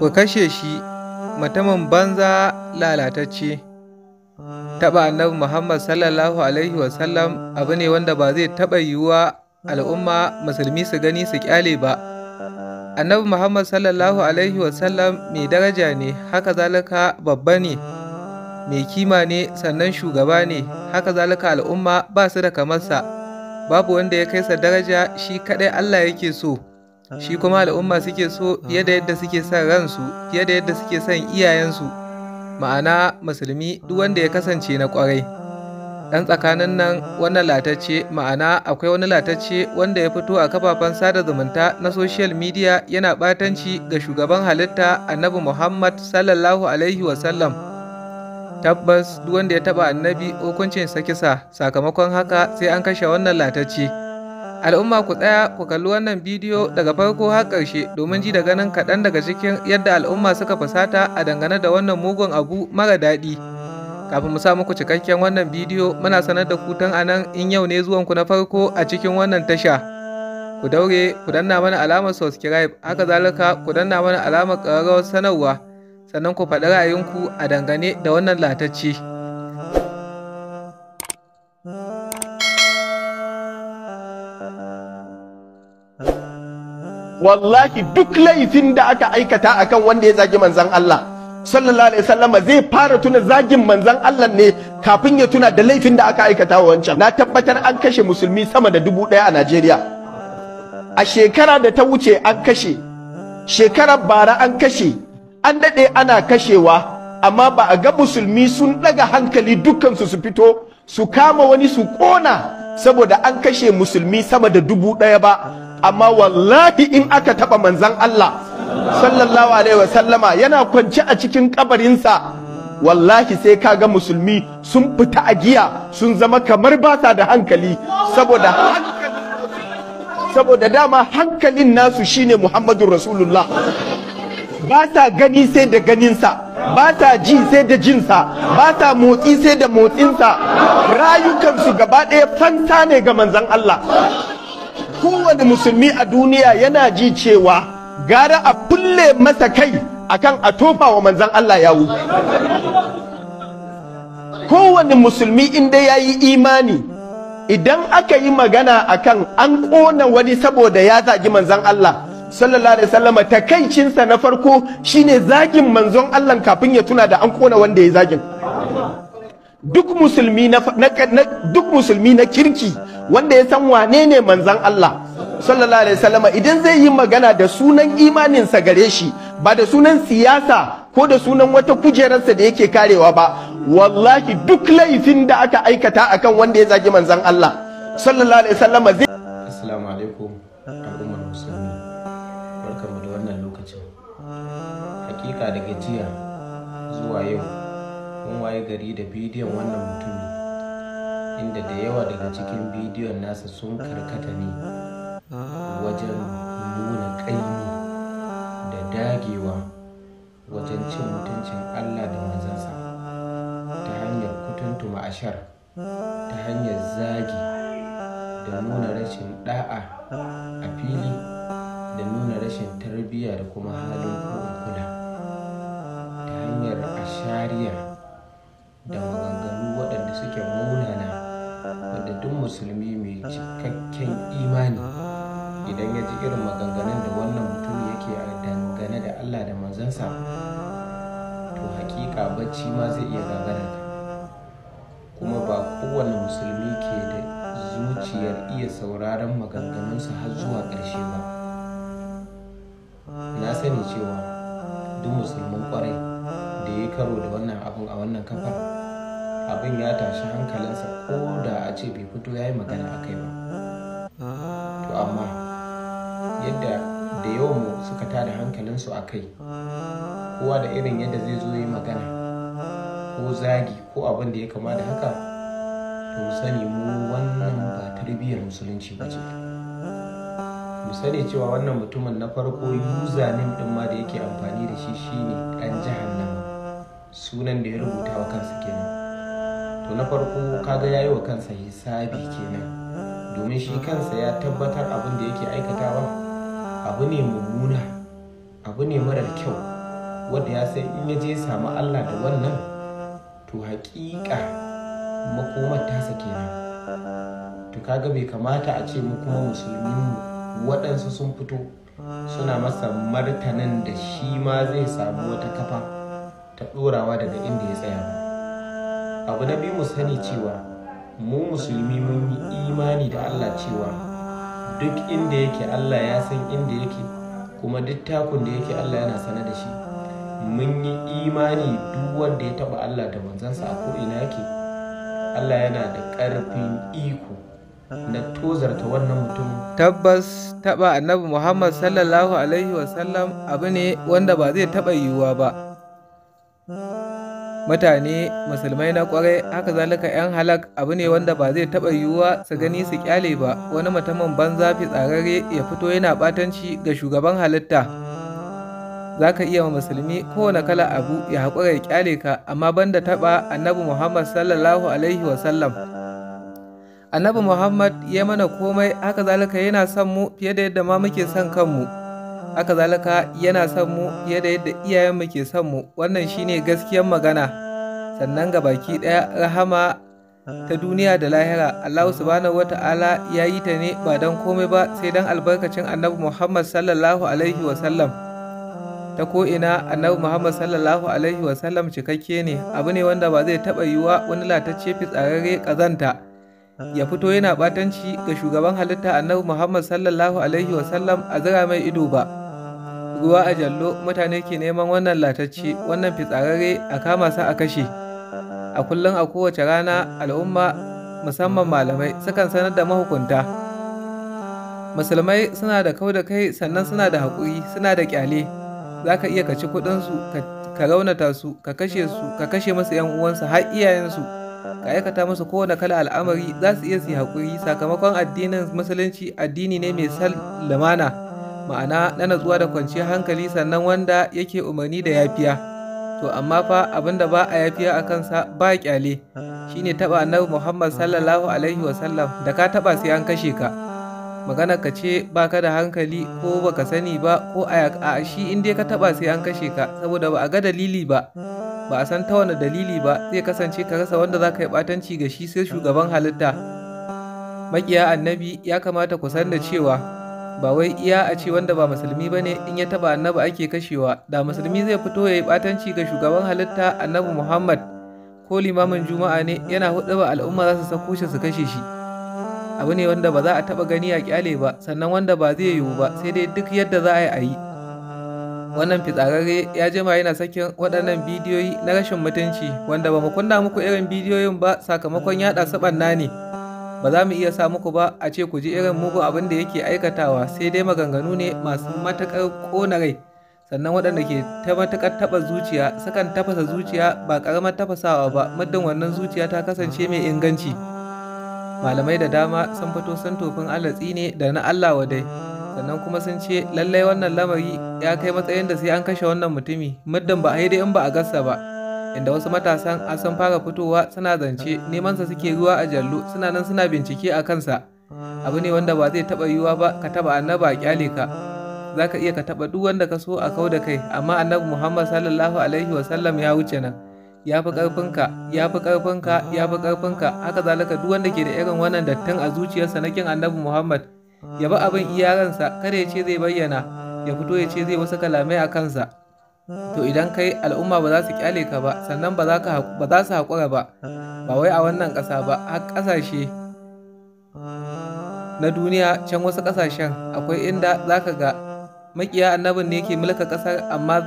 ku kashe shi mutumin banza lalatacce taɓa annabi muhammad sallallahu alaihi wasallam abu ne wanda ba zai taɓa yiwuwa al'umma musulmi su gani su kyale ba annabi muhammad sallallahu alaihi wasallam mai daraja ne haka zalika babba ne mai kima ne sannan shugaba ne haka zalika al'umma ba su da kamarsa babu wanda ya kai sa daraja shi kaɗai allah yake so shi kuma al'umma suke so yadda yadda suke son ransu yadda yadda suke son iyayensu ma'ana musulmi duk wanda ya kasance na kwarai ɗan tsakanin nan wannan latacce ma'ana akwai wani latacce wanda ya fito a kafafen sada zumunta na social media yana ɓatanci ga shugaban halitta annabi muhammad sallallahu alaihi wasallam tabbas duk wanda ya taɓa annabi hukuncin sa kisa sakamakon haka sai an kashe wannan latacce Al'umma ku tsaya ku kalli wannan bidiyo daga farko har ƙarshe domin ji da ganin kaɗan daga cikin yadda al'umma suka fusata a dangane da wannan mugun abu mara daɗi. Kafin mu sa muku cikakken wannan bidiyo muna sanar da ku tun anan in yau ne zuwanku na farko a cikin wannan tasha. ku daure ku danna mana alamar subscribe haka zalika ku danna mana alamar ƙararrawar sanarwa sannan ku faɗi ra'ayinku a dangane da wannan latacce. wallahi duk laifin da aka aikata akan wanda ya zagi manzan Allah sallallahu alaihi wasallama zai fara tuna zagin manzan Allah ne kafin ya tuna da laifin da aka aikata a wancan na tabbatar an kashe musulmi sama da dubu ɗaya a Najeriya a shekara da ta wuce an kashe shekarar bara an kashe an daɗe ana kashewa amma ba a ga musulmi sun ɗaga hankali dukkansu su fito su kama wani su ƙona saboda an kashe musulmi sama da dubu ɗaya ba amma wallahi in aka taba manzan Allah sallallahu alaihi wasallama yana kwance a cikin kabarinsa wallahi sai kaga musulmi sun fita a giya sun zama kamar ba sa da hankali saboda saboda dama hankalin nasu shine Muhammadu Rasulullah ba ta gani sai da ganinsa ba ta ji sai da jinsa ba ta motsi sai da motsinsa rayukansu gaba ɗaya fanta ne ga manzon Allah kowane musulmi a duniya yana ji cewa gara a kulle masa kai akan a tofa wa manzan Allah yawu kowane musulmi inda ya yi imani idan aka yi magana akan an ƙona wani saboda ya zagi manzan Allah sallallahu alaihi wasallama takaicinsa na farko shine zagin manzon Allah kafin ya tuna da an ƙona wanda ya zagin duk musulmi na kirki wanda ya san wane ne manzan Allah sallallahu alaihi wasallam idan zai yi magana da sunan imaninsa gare shi ba da sunan siyasa ko da sunan wata kujerarsa da yake karewa ba wallahi duk laifin da aka aikata akan wanda ya zagi manzan Allah sallallahu alaihi wasallam zai assalamu alaikum al'ummar musulmi barkamu da wannan lokacin hakika daga jiya zuwa yau mun waye gari da bidiyon wannan mutumin inda da yawa daga cikin bidiyon nasa sun karkata ne wajen nuna ƙaimi da dagewa wajen cin mutuncin allah da manzansa ta hanyar kutuntu ma'ashar ta hanyar zagi da nuna rashin da'a a fili da nuna rashin tarbiyya da kuma halin kula ta hanyar ashariya da maganganu waɗanda suke munana wanda duk musulmi mai cikakken imani idan ya ji irin maganganun da wannan mutum yake a dangane da Allah da manzansa to hakika bacci ma zai iya gagara kuma ba kowane musulmi ke da zuciyar iya sauraron maganganunsa har zuwa ƙarshe ba na sani cewa duk musulmin kwarai da ya karo da wannan abin a wannan kafar abin ya tashi hankalinsa ko da a ce bai fito ya yi magana a kai ba to amma yadda da yawan mu suka tada hankalinsu a kai kowa da irin yadda zai zo yi magana ko zagi ko abin da ya kama da haka to sani mu wannan ba tarbiyyar musulunci ba ce mu sani cewa wannan mutumin na farko yuzanin din ma da yake amfani da shi shine jihar nan. sunan da ya rubuta wa kansa kenan to na farko kaga ya yi wa kansa hisabi kenan domin shi kansa ya tabbatar abin da yake aikatawa abu ne mummuna abu ne marar kyau wanda ya san in ya je samu allah da wannan to haƙiƙa makomar tasa kenan to kaga bai kamata a ce mu kuma musulmin mu waɗansu sun fito suna masa martanin da shi ma zai samu wata kafa ta ɗorawa daga inda ya tsaya ba abu na biyu mu sani cewa mu musulmi mun yi imani da allah cewa duk inda yake allah ya san inda yake kuma duk takun da yake allah yana sane da shi mun yi imani duk wanda ya taba allah da manzansa a ko'ina yake allah yana da ƙarfin iko na tozarta wannan mutum tabbas taba annabi muhammad sallallahu alaihi wasallam abu ne wanda ba zai taba yiwuwa ba mutane musulmai na kwarai haka zalika 'yan halak abu ne wanda ba zai taɓa yiwuwa su gani su kyale ba wani mutumin banza tsarare ya fito yana ɓatanci ga shugaban halitta za ka iya wa musulmi kowane kala abu ya haƙura ya kyale ka amma banda taɓa annabi muhammad sallallahu alaihi wasallam annabi muhammad ya mana komai haka zalika yana son mu fiye da yadda ma muke son kanmu haka zalika yana son mu yadda da yadda iyayenmu ke son mu wannan shine gaskiyar magana sannan ga baki ɗaya rahama ta duniya da lahira Allahu subhanahu wata'ala ya yi ta ne ba don komai ba sai don albarkacin annabi Muhammad sallallahu alaihi wasallam ta ko'ina annabi Muhammad sallallahu alaihi wasallam cikakke ne abu ne wanda ba zai taɓa yiwuwa wani latacce fitsararre ƙazanta. ya fito yana batanci ga shugaban halitta annabi Muhammad sallallahu alaihi wasallam a zira mai ido ba. Ruwa a jallo mutane ke neman wannan latacce wannan fitsararre a kama sa a kashe. A kullum a kowace rana al'umma musamman malamai sukan sanar da mahukunta. Musulmai suna da kau da kai sannan suna da haƙuri suna da ƙyale. Za ka iya ka kuɗinsu ka raunata su ka kashe su ka kashe masu 'yan uwansu har iyayensu. ka aikata musu kowane kala al'amari za su iya su haƙuri sakamakon addinin musulunci addini ne mai sal lamana. ma'ana na natsuwa da kwanciyar hankali sannan wanda yake umarni da yafiya to amma fa abin da ba a yafiya a kansa ba kyale shine taba annabi muhammad sallallahu alaihi wasallam da ka taba sai an kashe ka magana ka ce ka da hankali ko baka sani ba ko a shi in ka taba sai an kashe ka saboda ba a ga dalili ba ba a san ta wani dalili ba zai kasance ka rasa wanda za ka yi ɓatanci ga shi sai shugaban halitta makiya annabi ya kamata ku san da cewa ba wai iya a ce wanda ba musulmi ba ne in ya taba annabi ake kashewa da musulmi zai fito ya yi ɓatanci ga shugaban halitta annabi muhammad ko limamin juma'a ne yana hudu ba al'umma za su sako shi su kashe shi abu ne wanda ba za a taba gani a kyale ba sannan wanda ba zai yiwu ba sai dai duk yadda za a yi a yi Wannan ah. fitsararre ya jima yana sakin waɗannan ah. bidiyoyi na rashin mutunci wanda ba mu kunna muku irin bidiyoyin ba sakamakon ah. yaɗa su ɓanna ne. Ba za mu iya sa muku ba a ce ku ji irin mugu abin da yake aikatawa sai dai maganganu ne masu matuƙar ƙona rai. sannan waɗanda ke ta matuƙar taɓa zuciya sukan tafasa zuciya ba ƙaramar tafasawa ba muddin wannan zuciya ta kasance mai inganci malamai da dama sun fito sun tofin allah ne da na allah wadai sannan kuma sun ce lallai wannan lamari ya kai matsayin da sai an kashe wannan mutumi muddin ba a yi dai in ba a gasa ba inda wasu matasan a sun fara fitowa suna zance nemansa suke ruwa a jallu suna nan suna bincike a kansa abu ne wanda ba zai taba yiwuwa ba ka taɓa annaba a kyale ka za ka iya ka taɓa duk wanda ka so a kau da kai amma annabi muhammad sallallahu alaihi wasallam ya wuce nan ya fi ƙarfinka ya fi ƙarfinka ya fi ƙarfinka haka zalika duk wanda ke da irin wannan dattin a zuciyarsa na kin annabi muhammad ya bi abin iyaransa kada ya ce zai bayyana ya fito ya ce zai wasu kalamai a kansa to idan kai al'umma ba za su kyale ka ba sannan ba za su haƙura ba ba wai a wannan ƙasa ba har ƙasashe na duniya can wasu ƙasashen akwai inda za ka ga makiya annabin ne ke mulka ƙasar amma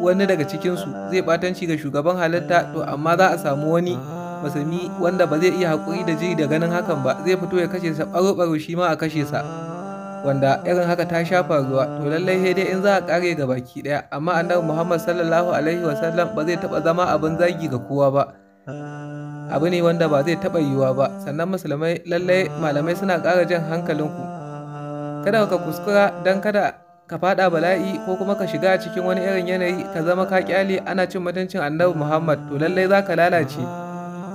wani daga cikinsu zai ɓatanci ga shugaban halitta to amma za a samu wani musulmi wanda ba zai iya haƙuri da jiri da ganin hakan ba zai fito ya kashe sa ɓaro-ɓaro shi ma a kashe sa wanda irin haka ta sha faruwa to lallai sai dai in za a kare ga baki ɗaya amma annabi muhammad sallallahu alaihi sallam ba zai taɓa zama abin zagi ga kowa ba abu ne wanda ba zai taɓa yiwuwa ba sannan musulmai lallai malamai suna ƙara jan hankalinku kada ka kuskura don kada ka faɗa bala'i ko kuma ka shiga cikin wani irin yanayi ka zama ka kyale ana cin mutuncin annabi muhammad to lallai za ka lalace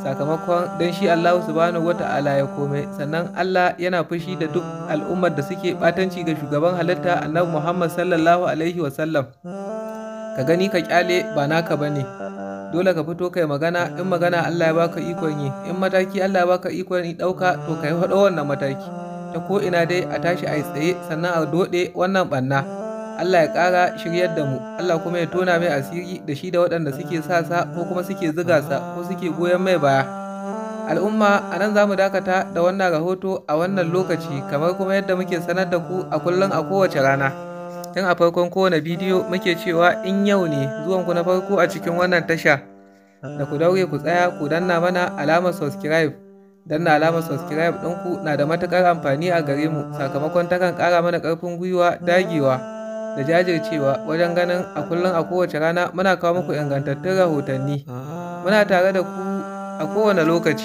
sakamakon don shi Allah subhanahu wata'ala ya komai sannan Allah yana fushi da duk al'ummar da suke batanci ga shugaban halitta annabi Muhammad sallallahu alaihi wasallam ka gani ka kyale ba naka ba ne. dole ka fito kai magana in magana Allah ya baka ikon yi in mataki Allah ya baka ikon yi dauka to kai faɗo wannan mataki ta ko ina dai a tashi a tsaye sannan a doɗe wannan ɓanna. Allah ya ƙara shiryar da mu Allah kuma ya tona mai asiri da shi da waɗanda suke sasa sa ko kuma suke ziga sa ko suke goyon mai baya al'umma a nan za mu dakata da wannan rahoto a wannan lokaci kamar kuma yadda muke sanar da ku a kullum a kowace rana tun a farkon kowane bidiyo muke cewa in yau ne zuwanku na farko a cikin wannan tasha da ku daure ku tsaya ku danna mana alamar subscribe danna alamar subscribe ɗinku na da matuƙar amfani a gare mu sakamakon takan ƙara mana ƙarfin gwiwa dagewa da jajircewa wajen ganin a kullum a kowace rana muna kawo muku ingantattun rahotanni. Muna tare da ku a kowane lokaci.